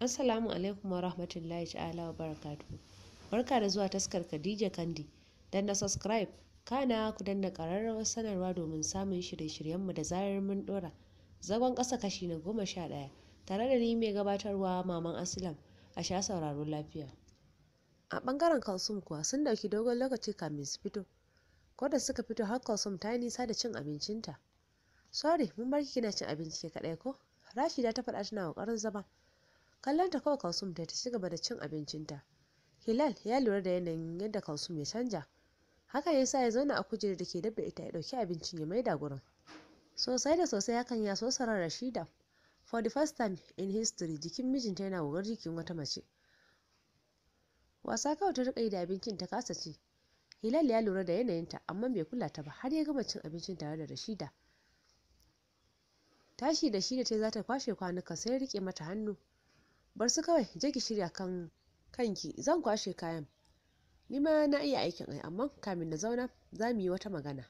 Assalamu alaikum wa ta'ala wa barakatuhu. Barka da zuwa taskar Khadija Kandi. Dan na subscribe kana ku danna ƙararrawar sanarwa domin samun shirye shiryen mu da zarar mun ɗora. Zagon ƙasa kashi na goma sha ɗaya tare da ni mai gabatarwa Maman aslam a sha sauraro lafiya. A ɓangaren Kalsum kuwa sun ɗauki dogon lokaci kamin su fito. Ko da suka fito har Kalsum ta yi nisa da cin abincinta. Sorry, mun bar kina cin abinci ke kaɗai ko? Rashida ta faɗa tana ƙoƙarin zama. kallon ta kawai kalsum ta ci gaba da cin abincinta hilal ya lura da yanayin yadda kalsum ya canja haka ya sa ya zauna a kujerar da ke dabba ita ya ɗauki abincin ya maida gurin sosai da sosai hakan ya so sarar rashida for the first time in history jikin mijinta yana gogar jikin wata mace wasa kawai ta riƙa da abincin ta kasa ci hilal ya lura da yanayinta amma bai kula ta ba har ya gama cin abincin tare da rashida tashi da shi da ta za ta kwashe kwanuka sai rike mata hannu bar su kawai je ki shirya kan kanki zan kwashe kayan ni ma na iya aikin ai amma kamin na zauna za mu yi wata magana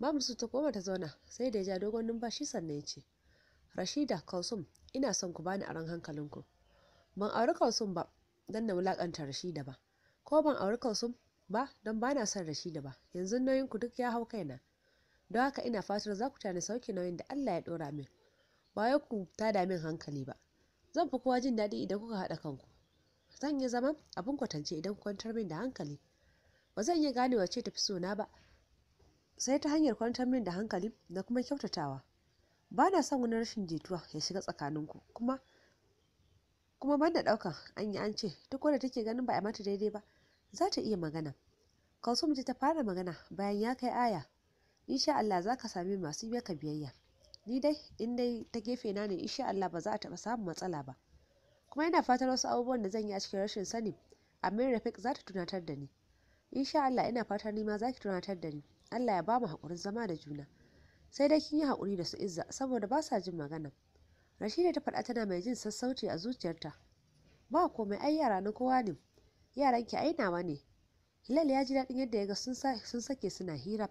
babu su ta koma ta zauna sai da ya ja dogon numfashi sannan ya ce rashida kalsum ina son ku bani aron hankalinku ban auri kalsum ba don na wulakanta rashida ba ko ban auri kalsum ba don ba na son rashida ba yanzu nauyin ku duk ya hau kaina don haka ina fatar za ku tana sauke nauyin da allah ya ɗora min ba ku ta min hankali ba zan fi kowa jin daɗi idan kuka haɗa kanku zan yi zama abin kwatance idan ku kwantar min da hankali ba zan iya ganewa ce tafi sona ba sai ta hanyar kwantar min da hankali da kuma kyautatawa ba na son wani rashin jituwa ya shiga tsakaninku kuma kuma ban da ɗaukan an yi an ce duk wanda take ganin ba a mata daidai ba za ta iya magana kalsum ta fara magana bayan ya kai aya insha Allah za ka sami masu ka biyayya ni dai in dai ta gefe na ne insha Allah ba za a taɓa samun matsala ba kuma ina fatan wasu abubuwan da zan yi a cikin rashin sani Amir Rafiq za ta tunatar da ni insha Allah ina fatan ni ma za ki tunatar da ni Allah ya ba mu haƙurin zama da juna sai dai kin yi haƙuri da su Izza saboda ba sa jin magana Rashida ta faɗa tana mai jin sassauci a zuciyarta ba komai ai yara na kowa ne yaran ki ai nawa ne Hilal ya ji daɗin yadda ya ga sun sake suna hira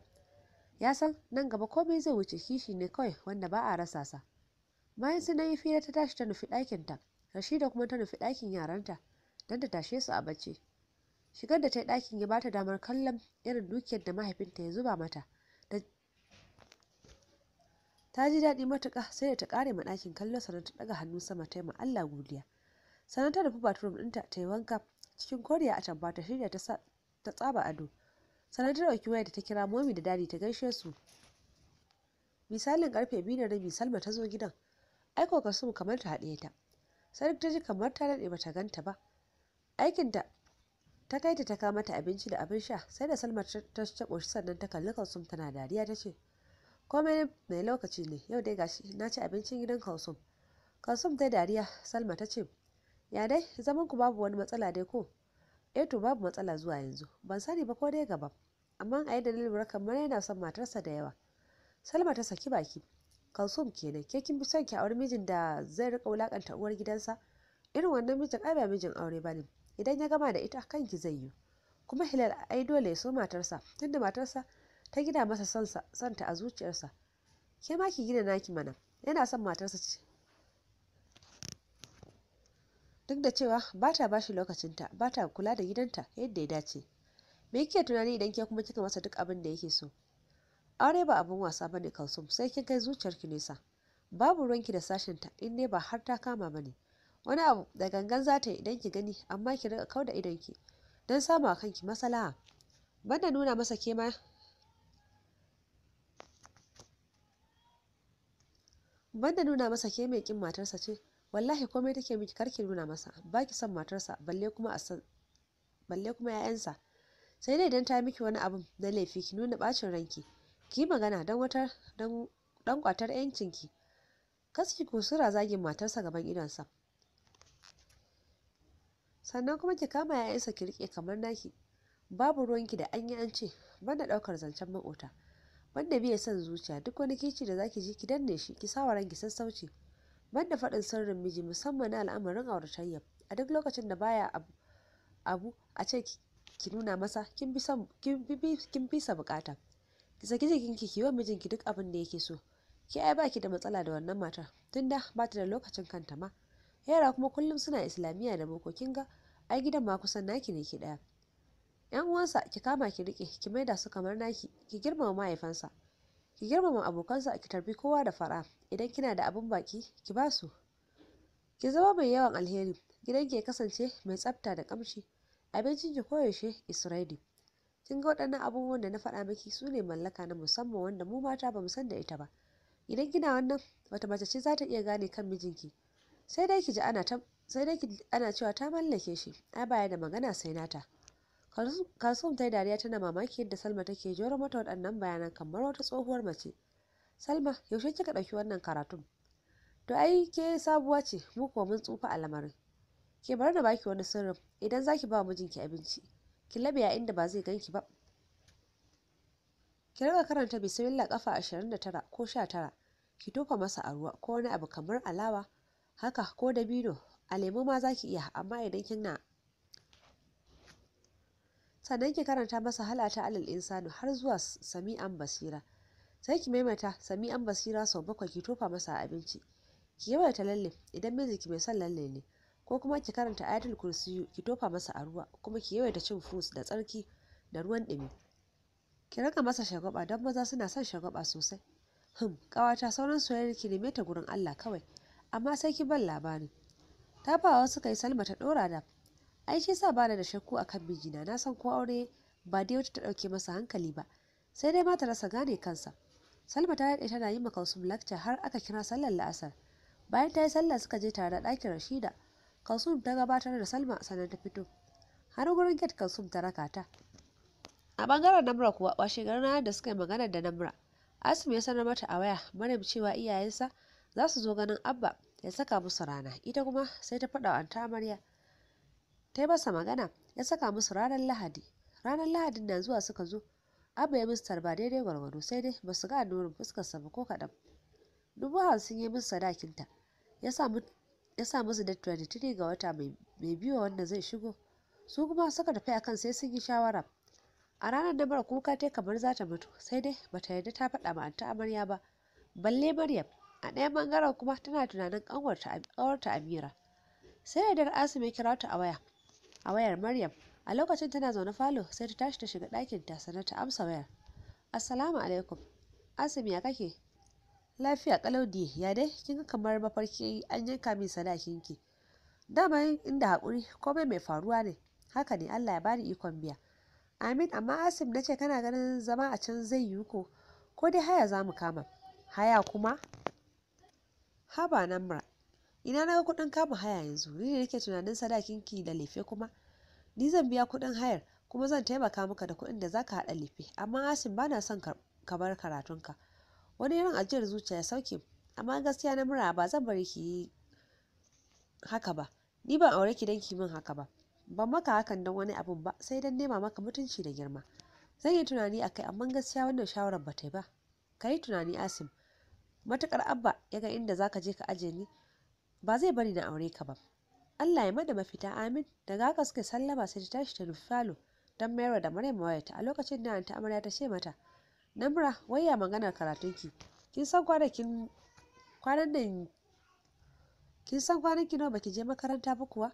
ya san nan gaba komai zai wuce kishi ne kawai wanda ba a rasa sa bayan su yi fira ta tashi ta nufi ɗakinta rashida kuma ta nufi ɗakin yaranta don ta tashe su a bacci shigar da ta yi ɗakin ya bata damar kallon irin dukiyar da mahaifinta ya zuba mata ta ji daɗi matuƙa sai da ta ƙare ma ɗakin kallon sannan ta ɗaga hannu sama ta yi ma Allah godiya sannan ta nufi bathroom ɗinta ta yi wanka cikin koriya a tabba shirya ta tsaba ado sanadar da da ta kira momi da dadi ta gaishe su misalin karfe biyu na rabi salma ta zo gidan aiko kasum kamar ta haɗe ta sai ta ji kamar ta daɗe ba ta ganta ba da ta kai ta ta kama ta abinci da abin sha sai da salma ta ta sannan ta kalli kalsum tana dariya ta ce komai mai lokaci ne yau dai gashi na ci abincin gidan kalsum kalsum ta dariya salma ta ce ya dai zamanku babu wani matsala dai ko eh to babu matsala zuwa yanzu ban sani ba ko dai gaba amma a yadda na lura kamar yana son matarsa da yawa salma ta saki baki kalsum kenan ke kin fi son ki aure mijin da zai rika wulakanta uwar gidansa irin wannan mijin ai ba mijin aure bane idan ya gama da ita kanki zai yi kuma hilal ai dole ya so matarsa tunda matarsa ta gina masa santa a zuciyarsa ke ma ki gina naki mana yana son matarsa ce. duk da cewa ba ta bashi lokacinta ba ta kula da gidanta yadda ya dace me kike tunani idan ke kuma kika masa duk abin da yake so aure ba abin wasa ba ne kalsum sai kin kai zuciyar ki nesa babu ruwanki da sashinta in ne ba har ta kama ba ne. wani abu da gangan za ta yi idan ki gani amma ki riƙa kauda idonki don samu a kanki masala banda nuna masa ke ma banda nuna masa ke mai kin matarsa ce wallahi komai take miki ki nuna masa ba ki son matarsa balle kuma a san balle kuma yayansa sai dai idan ta miki wani abin na laifi ki nuna bacin ranki ki magana dan wata dan dan kwatar yancinki kaski kusura zagin matarsa gaban idonsa sannan kuma ki kama 'ya'yansa ki rike kamar naki babu ruwanki da an yi an ce banda ɗaukar zancen maƙota banda biya son zuciya duk wani kici da zaki ji ki danne shi ki sawa ranki sassauci banda faɗin sirrin miji musamman na al'amarin auratayya a duk lokacin da baya abu, abu a ce ki nuna masa kin fi sa bukata ki saki jikinki ki wa mijinki duk abin da yake so ki ai baki da matsala da wannan matar tun ba ta da lokacin kanta ma yara kuma kullum suna islamiyya da boko kin ga ai gidan ma kusan naki ne ki ɗaya yan uwansa ki kama ki rike ki maida su kamar naki ki girmama mahaifansa ki girmama abokansa ki tarbi kowa da fara idan kina da abin baki ki basu ki zama mai yawan alheri ki ya kasance mai tsafta da kamshi abincin ki koyaushe is ready kin ga waɗannan abubuwan da na faɗa miki su ne mallaka na musamman wanda mu mata ba mu san da ita ba idan kina wannan wata mace ce za ta iya gane kan mijinki sai dai ki ana ta sai dai ana cewa ta mallake shi ai baya da magana sai nata kalsum ta yi dariya tana mamaki yadda salma take jero mata waɗannan bayanan kamar wata tsohuwar mace salma yaushe kika ɗauki wannan karatun to ai ke sabuwa ce mu kuwa mun tsufa a lamarin ke bari na baki wani sirrin idan zaki ba mijinki abinci ki labiya inda ba zai ganki ba ki rika karanta bismillah kafa 29 ko sha tara ki tofa masa a ruwa ko wani abu kamar alawa haka ko dabino a lemu ma za ki iya amma idan kin na. sannan ki karanta masa halata alal insanu har zuwa sami'an basira sai ki maimaita sami'an basira sau bakwai ki tofa masa a abinci ki yawaita lalle idan mijinki mai son lalle ne ko kuma ki karanta ayatul kursiyu ki tofa masa a ruwa kuma ki yawaita cin fus da tsarki da ruwan ɗumi ki raka masa shagwaba don maza suna son shagwaba sosai hum ƙawata sauran soyayyar ki neme ta gurin Allah kawai amma sai ki ban labari ta suka yi salma ta ɗora da ai shi yasa bana da shakku akan mijina na san ko aure ba dai wata ta dauke masa hankali ba sai dai ma ta rasa gane kansa salma ta daɗe tana yi makalsum lakca har aka kira sallar la'asar bayan ta yi sallar suka je tare da ɗakin rashida kalsum ta gabatar da salma sannan ta fito har gurin get kalsum ta raka ta a bangaren namra kuwa washe na da suka yi magana da namra asim ya sanar mata a waya maryam cewa iyayensa za su zo ganin abba ya saka musu rana ita kuma sai ta faɗa wa anta amarya ta yi masa magana ya saka musu ranar lahadi ranar lahadin na zuwa suka zo abu ya musu tarba daidai gwargwado sai dai ba su ga nurin fuskarsa ba ko kaɗan dubu hamsin ya musu sadakinta ya sa musu da 23 ga wata mai biyu wanda zai shigo su kuma suka tafi akan sai sun yi shawara a ranar da mara kuka ta kamar za ta mutu sai dai ba ta yarda ta faɗa ma ta amarya ba balle maryam a ɗayan bangaren kuma tana tunanin ƙanwarta amira sai da dar asim ya kira ta a waya a wayar Maryam a lokacin tana zaune falo sai ta tashi ta shiga ɗakin ta ta amsa wayar assalamu alaikum asim ya kake lafiya kalaudi ya dai kin kamar mafarki an yanka min sadakin ki dama inda hakuri, komai mai faruwa ne haka ne Allah ya bani ikon biya amin amma asim nace kana ganin zama a can zai yiwu ko ko dai haya za mu kama haya kuma haba namra ina na ga kuɗin kama haya yanzu ni ne nake tunanin sadakin ki da lefe kuma ni zan biya kuɗin hayar kuma zan taimaka maka da kuɗin da zaka haɗa lefe amma asim ba na son ka bar karatunka wani irin ajiyar zuciya ya sauke amma gaskiya na mura ba zan bari ki yi haka ba ni ban aure ki dan ki min haka ba ban maka hakan don wani abun ba sai dan nema maka mutunci da girma zan yi tunani akai amma gaskiya wannan shawarar ba ta yi ba ka tunani asim matukar abba ya ga inda zaka je ka aje ni ba zai bari na aure ka ba Allah ya mada mafita amin daga haka suka sallama sai ta tashi ta nufi falo don mayarwa da Maryam wayarta a lokacin da ta amarya ta ce mata Namra waya maganar karatunki kin san kwanan kin san nawa baki je makaranta ba kuwa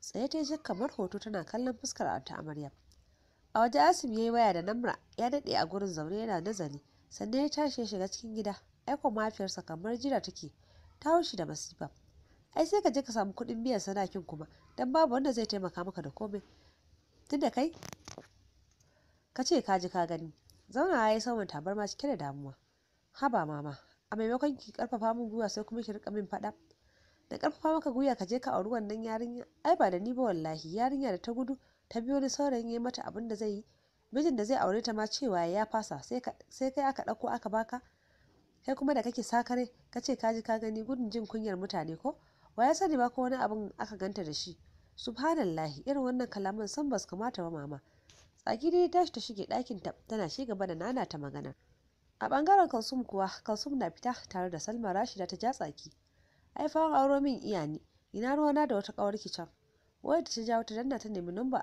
tsaye ta je kamar hoto tana kallon fuskar ta amarya a waje asim ya yi waya da namra ya daɗe a gurin zaune yana nazari sannan ya tashi ya shiga cikin gida aiko mafiyarsa kamar jira take ta haushi da masifa ai sai ka je ka samu kuɗin biyan sadakin kuma dan babu wanda zai taimaka maka da komai tunda kai ka ce ka ji ka gani zauna ya yi saman tabarma cike da damuwa haba mama a maimakon ki karfafa min gwiwa sai kuma ki rika min faɗa da karfafa maka gwiwa ka je ka auri wannan yarinya ai ba da ni ba wallahi yarinya da ta gudu ta biyo ni saurayin ya mata abin da zai yi mijin da zai aure ta ma cewa ya fasa sai kai aka ɗauko aka baka kai kuma da kake sakare ka ce ka ji ka gani gudun jin kunyar mutane ko wa ya sani ba ko wani abin aka ganta da shi subhanallahi irin wannan kalaman san basu kamata ba mama tsaki dai tashi ta shige ɗakin ta tana shi gaba da nana ta magana a ɓangaren kalsum kuwa kalsum na fita tare da salma rashida ta ja tsaki ai fawon auro min iya ne ina ruwana da wata ƙawar can wayar ta jawo ta danna ta nemi numba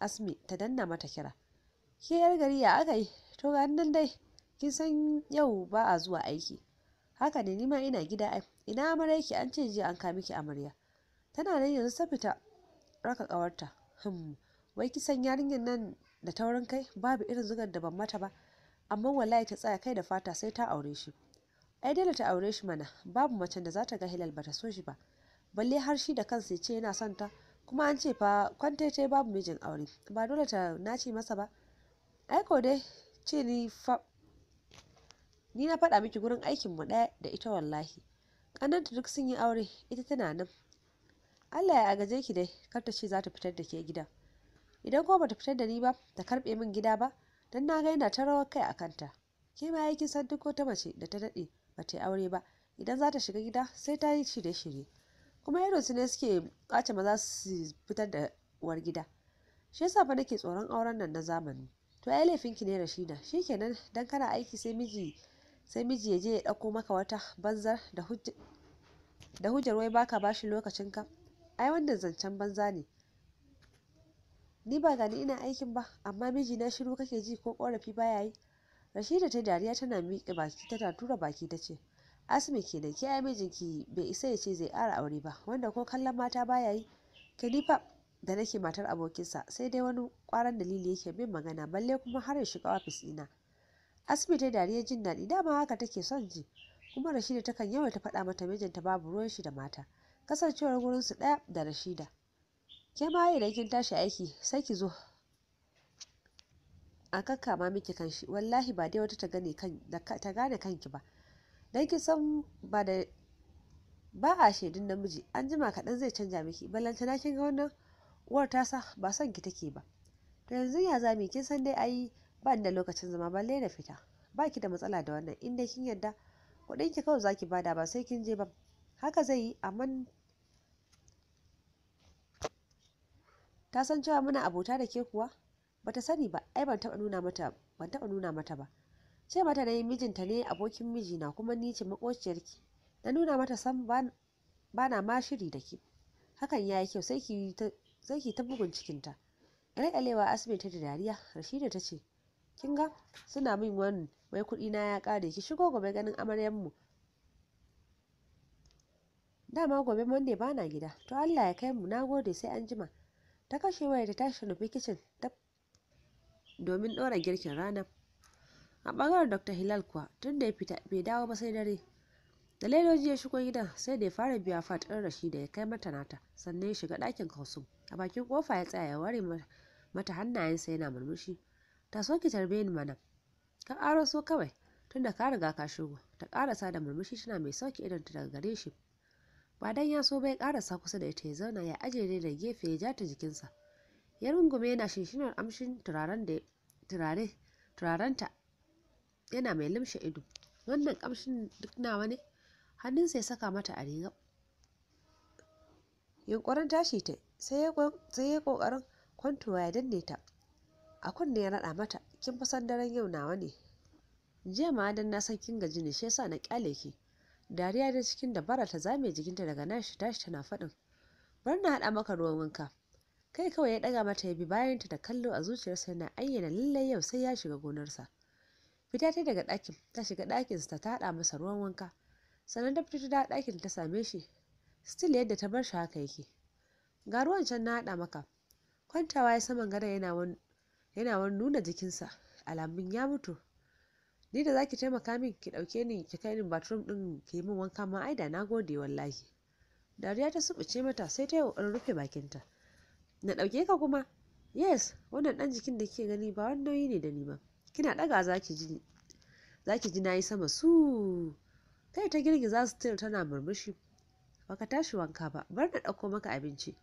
asmi ta danna mata kira ke yar gari ya aka yi to ga nan dai kin san yau ba a zuwa aiki haka ne nima ina gida ai ina amarya yake an ce jiya an kame miki amarya tana nan yanzu ta fita raka kawarta hmm wai kisan yarinyar nan da taurin kai babu irin zugar da ban mata ba amma wallahi ta tsaya kai da fata sai ta aure shi ai dole ta aure shi mana babu macen da za ta ga hilal bata so shi ba balle har shi da kansa ce yana son ta kuma an ce fa kwantaitai babu mijin aure ba dole ta nace masa ba ai ko dai ce ni fa ni na faɗa miki gurin aikin mu ɗaya da ita wallahi ƙannanta duk sun yi aure ita tana nan allah ya agaje ki dai kar ta ce za ta fitar da ke gida idan ko bata fitar da ni ba ta karɓe min gida ba don na ga yana ta rawar kai a kanta ke ma yakin san duk wata mace da ta daɗe ba ta yi aure ba idan za ta shiga gida sai ta yi shirye-shirye kuma irin su ne suke ɓace maza su fitar da uwar gida shi yasa fa nake tsoron auren nan na zamani to ai laifin ki ne Rashida shikenan dan kana aiki sai miji sai miji ya je ya ɗauko maka wata banzar da hujjar wai baka bashi lokacin ka ai wannan zancen banza ne ni ba gani ina aikin ba amma miji na shiru kake ji ko korafi baya yi rashida ta dariya tana miƙe baki tana tura baki ta ce asmi kenan ke ai mijinki bai isa ya ce zai ƙara aure ba wanda ko kallon mata baya yi kalifa da nake matar abokinsa sai dai wani ƙwaron dalili yake bin magana balle kuma har ya shiga ofis ɗina asibiti dariya jin daɗi dama haka take son ji kuma rashida takan ta faɗa mata mijinta babu ruwan shi da mata kasancewar gurin su ɗaya da rashida ke ma idan kin tashi aiki sai ki zo a kakkama miki kanshi wallahi ba dai wata ta gane kan ta gane kanki ba dan ki san ba da ba a shaidun namiji an jima kaɗan zai canja miki balanta na kin ga wannan uwar tasa ba son ki take ba to yanzu ya zami kin san dai ayi ba da lokacin zama balle da fita ba ki da matsala da wannan in dai kin yarda kuɗin ki kawai zaki bada ba sai kin je ba haka zai yi amma ta san cewa muna abota da ke kuwa bata sani ba ai ban taɓa nuna mata ban taɓa nuna mata ba ce mata na yi mijinta ne abokin mijina kuma ni ce makociyarki na nuna mata san ba na ma shiri da ke hakan ya yi kyau sai ki ta bugun cikinta ƙyalƙyalewa asibiti da dariya rashida ta ce kin ga suna min wani wai kuɗi na ya ƙare ki shigo gobe ganin amaryan mu dama gobe monday bana gida to Allah ya kai mu na gode sai anjima ta kashe waya ta tashi nufi kicin domin ɗora girkin rana a ɓangaren dr hilal kuwa tun da ya fita bai dawo ba sai dare da ledoji ya shigo gidan sai da ya fara biya fat ɗin rashida ya kai mata nata sannan ya shiga ɗakin kausum a bakin kofa ya tsaya ya ware mata hannayensa yana murmushi ta so ki tarbe ni mana ka karo so kawai tunda ka riga ka shigo ta karasa da murmushi tana mai sauki idan ta daga gare shi ba dan ya so bai karasa kusa da ita ya zauna ya ajiye da gefe ya ja ta jikinsa ya rungume yana shinshinar amshin turaren da yana mai limshe ido wannan kamshin duk nawa ne hannunsa ya saka mata a riga yunkurin tashi ta sai ya kokarin kwantowa ya danne ta a kunne ya raɗa mata kin fi san daren yau nawa ne jiya ma dan na san kin gaji ne shi yasa na kyale ki dariya da cikin dabara ta zame jikinta daga nashi tashi tana faɗin bar na haɗa maka ruwan wanka kai kawai ya ɗaga mata ya bi bayanta da kallo a zuciyarsa yana ayyana lallai yau sai ya shiga gonarsa fita ta daga ɗakin ta shiga ɗakinsa ta haɗa masa ruwan wanka sannan ta fito ta ɗakin ta same shi still yadda ta bar shi haka yake ga ruwan can na haɗa maka kwantawa ya saman gada yana wani. yana wani nuna jikinsa alamun ya mutu ni da zaki taimaka min ki ɗauke ni ki kai ni bathroom din ki min wanka ma aida na gode wallahi dariya ta subuce mata sai ta yi kokarin rufe bakinta na dauke ka kuma yes wannan dan jikin da kike gani ba wani nauyi ne da ni ba kina daga zaki ji zaki ji nayi sama su kai ta girgiza su tana murmushi baka tashi wanka ba bar na ɗauko maka abinci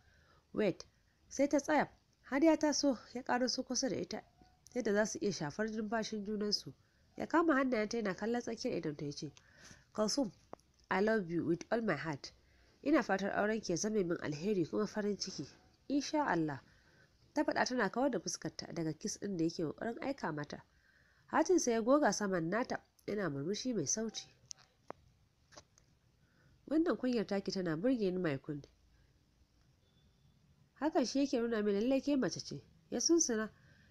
wait sai ta tsaya har ya taso ya su kusa da ita yadda za su iya shafar numfashin junansu. Ya kama hannayenta yana kallon tsakiyar ta ya ce, Kalsum, I love you with all my heart. Ina fatar auren ya zame min alheri kuma farin ciki. Insha Allah. Ta faɗa tana kawar da fuskarta daga kis ɗin da yake ƙoƙarin aika mata. Hatinsa ya goga saman nata yana murmushi mai sauti. Wannan kunyar taki tana burge ni mai kunne. hakan shi yake nuna mai lallai ke mace ce ya sunsuna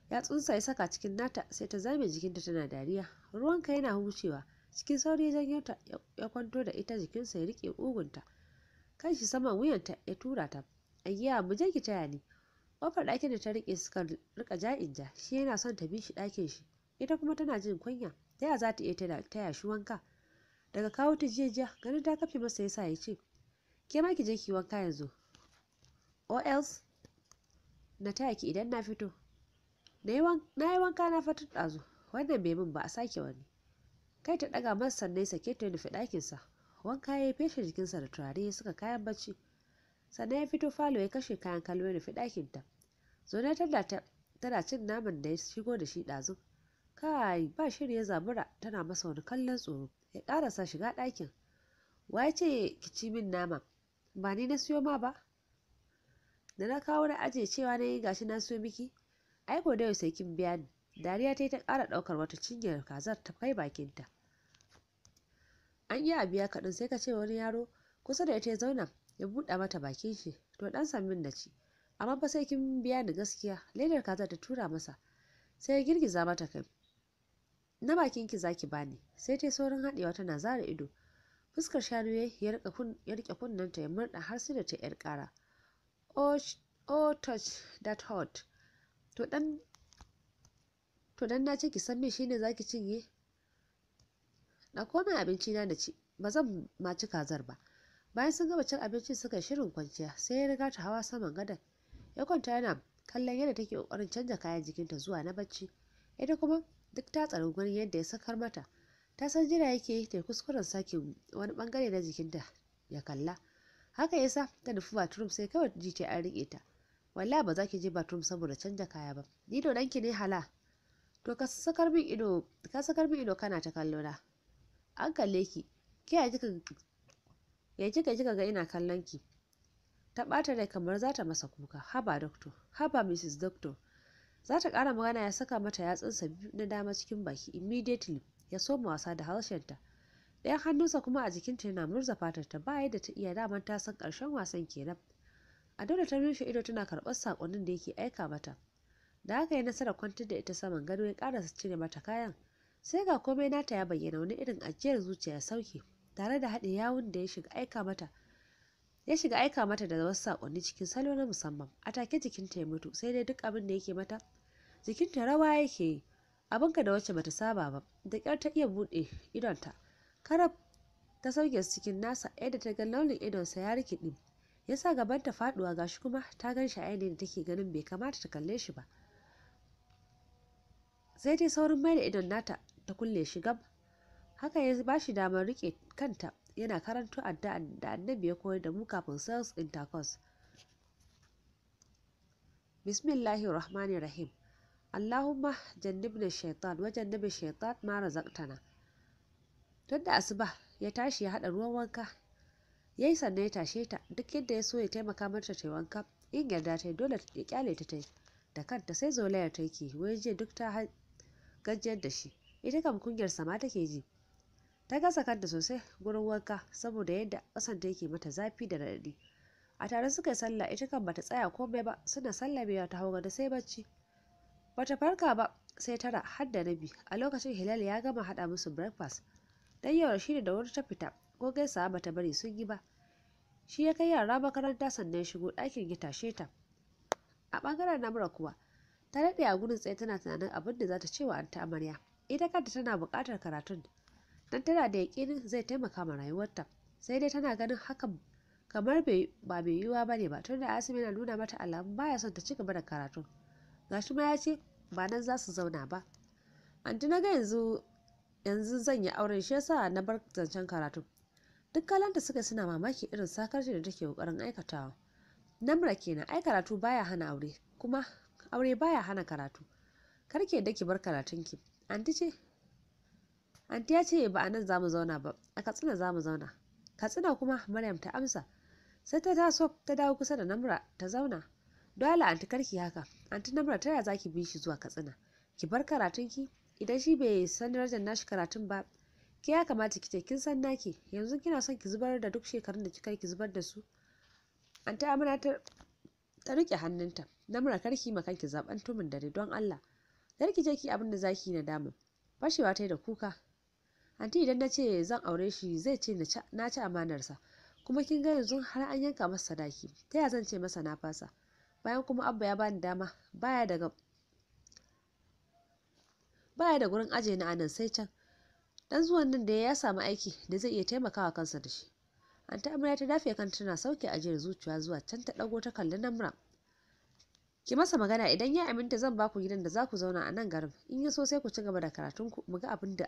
ya tsunsa ya saka cikin nata sai ta zame jikinta tana dariya ruwanka yana hucewa cikin sauri ya janyo ta ya kwanto da ita jikinsa ya rike ugunta kan shi saman wuyanta ya tura ta ayya mu je ki taya ni kofar ɗakin da ta rike suka rika ja'in ja shi yana son ta bi shi ɗakin shi ita kuma tana jin kunya ya za ta iya taya shi wanka daga kawo ta jiya ganin ta kafe masa ya sa ya ce ke ma ki je ki wanka yanzu or else na taya ki idan na fito na yi wanka na fata ɗazu wannan bai min ba a sake wani kai ta ɗaga masa sannan sake ta nufi ɗakinsa wanka ya yi feshe jikinsa da turare ya suka kayan bacci sannan ya fito falo ya kashe kayan kallo ya nufi ɗakinta zaune tana cin naman da ya shigo da shi ɗazun kai ba shiri ya zabura tana masa wani kallon tsoro ya ƙarasa shiga ɗakin waye ce ki ci min nama ba ni na siyo ma ba da na kawo na ajiye cewa na yi gashi na siyo miki ai ko sai kin biya ni dariya ta yi ta ƙara ɗaukar wata cinyar kazar ta kai bakinta an yi a biya kaɗan sai ka ce wani yaro kusa da ita ya zauna ya buɗe mata bakin shi to ɗan samin da ci amma fa sai kin biya ni gaskiya ledar kazar ta tura masa sai ya girgiza mata kai na bakin ki zaki bani sai ta saurin haɗewa tana zara ido fuskar shanu ya rike kunnanta ya murɗa har sai da ta ƴar ƙara oh touch that hot to dan to na ki san min shine zaki cinye na koma abinci na ci ba zan ma ci kazar ba bayan sun gama cin abinci suka shirin kwanciya sai ya riga ta hawa saman gadon ya kwanta yana kallon yadda take kokarin canza kayan jikinta zuwa na bacci ita kuma duk ta tsaro gurin yadda ya sakar mata ta san jira yake yi ta kuskuren sake wani bangare na jikinta ya kalla haka yasa ta nufi bathroom sai kawai ji an rike ta walla ba za ki je bathroom saboda canja kaya ba ni dodan ki ne hala to ka sakar min ido ka sakar ido kana ta kallo da an kalle ki ke ya kika ya kika kika ga ina kallon ki ta ɓata rai kamar za ta masa kuka haba doctor haba mrs doctor za ta ƙara magana ya saka mata yatsunsa biyu na dama cikin baki immediately ya soma wasa da harshenta ɗayan hannunsa kuma a jikinta yana murza fatar ta ba yadda ta iya daman ta san ƙarshen wasan kenan a dole ta rufe ido tana karɓar sakonnin da yake aika mata da haka ya nasarar kwantar da ita saman gado ya kara ƙara cire mata kayan sai ga komai nata ya bayyana wani irin ajiyar zuciya ya sauke tare da haɗin yawun da ya shiga aika mata ya shiga aika mata da wasu sakonni cikin salo na musamman a take jikinta ya mutu sai dai duk abin da yake mata jikinta rawa yake yi abinka da wacce bata saba ba da ƙyar ta iya buɗe idonta karab ta sauke su cikin nasa yadda ta ga launin idonsa ya rikide ya sa gabanta faduwa gashi kuma ta gan shi a yanayin da take ganin bai kamata ta kalle shi ba sai dai saurin mai da idon nata ta kulle shi gab haka ya ba shi damar rike kanta yana karanto addu'a da annabi ya koyar da mu kafin sales intercourse bismillahi rahmanir rahim allahumma jannibna shaitan wajen jannibi shaitan ma razaqtana tun da asuba ya tashi ya haɗa ruwan wanka ya yi sannan ya tashe ta duk yadda ya so ya taimaka mata ta wanka in yarda ta yi dole ya kyale ta ta yi da kanta sai zolayar ta yake wai jiya duk ta gajiyar da shi ita kam kungiyar sama take ji ta gasa kanta sosai gurin wanka saboda yadda ƙasan ta yake mata zafi da raɗaɗi a tare suka yi sallah ita kan bata tsaya komai ba suna sallamewa ta hau gada sai bacci bata farka ba sai tara har da rabi a lokacin hilal ya gama haɗa musu breakfast dan yau Rashida da wuri ta fita ko gaisawa bata bari sun yi ba shi ya kai yara makaranta sannan shigo ɗakin ya tashe ta a ɓangaren namura kuwa ta daɗe a gurin tsaye tana tunanin abin da za ta ce wa anta amarya ita kanta tana buƙatar karatun dan tana da yaƙinin zai taimaka ma rayuwarta sai dai tana ganin hakan kamar ba mai yiwuwa ba ne ba tunda asim yana nuna mata alamun baya son ta ci gaba da karatun gashi ma ya ce ba nan za su zauna ba anti na ga yanzu yanzu zan yi auren shi yasa na bar zancen karatu duk kalanta suka suna mamaki irin sakarci da take kokarin aikatawa namra kenan ai karatu baya hana aure kuma aure baya hana karatu karke da ki bar karatun ki anti ce anti ya ce ba a nan zamu zauna ba a katsina zamu zauna katsina kuma maryam ta amsa sai ta taso ta dawo kusa da namra ta zauna dole anti karki haka anti namra ta ya zaki bi shi zuwa katsina ki bar karatun ki. idan shi bai san darajar nashi karatun ba ke ya kamata ki ce kin san naki yanzu kina son ki zubar da duk shekarun da kika ki zubar da su an ta amana ta ta rike hannunta na karki makan ki zaben tumin dare don Allah kar ki je ki abin da zaki na damu fashewa ta da kuka anti idan na ce zan aure shi zai ce na ci amanarsa kuma kin ga yanzu har an yanka masa sadaki ta ya zan ce masa na fasa bayan kuma abba ya bani dama baya daga baya da gurin ajiye ni anan sai can dan zuwan nan da ya samu aiki da zai iya taimakawa kansa da shi an ta amarya ta dafe kanta tana sauke ajiyar zuciya zuwa can ta dago ta kalli namra ki masa magana idan ya aminta zan baku gidan da za ku zauna a nan garin in ya so sai ku ci gaba da karatun ku mu ga abin da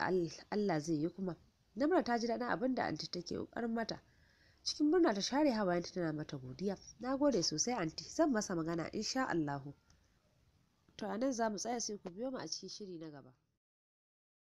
Allah zai yi kuma namra ta ji daɗin abin da anti take kokarin mata cikin murna ta share hawayenta tana mata godiya na gode sosai anti zan masa magana insha Allahu to anan za mu tsaya sai ku biyo mu a cikin shiri na gaba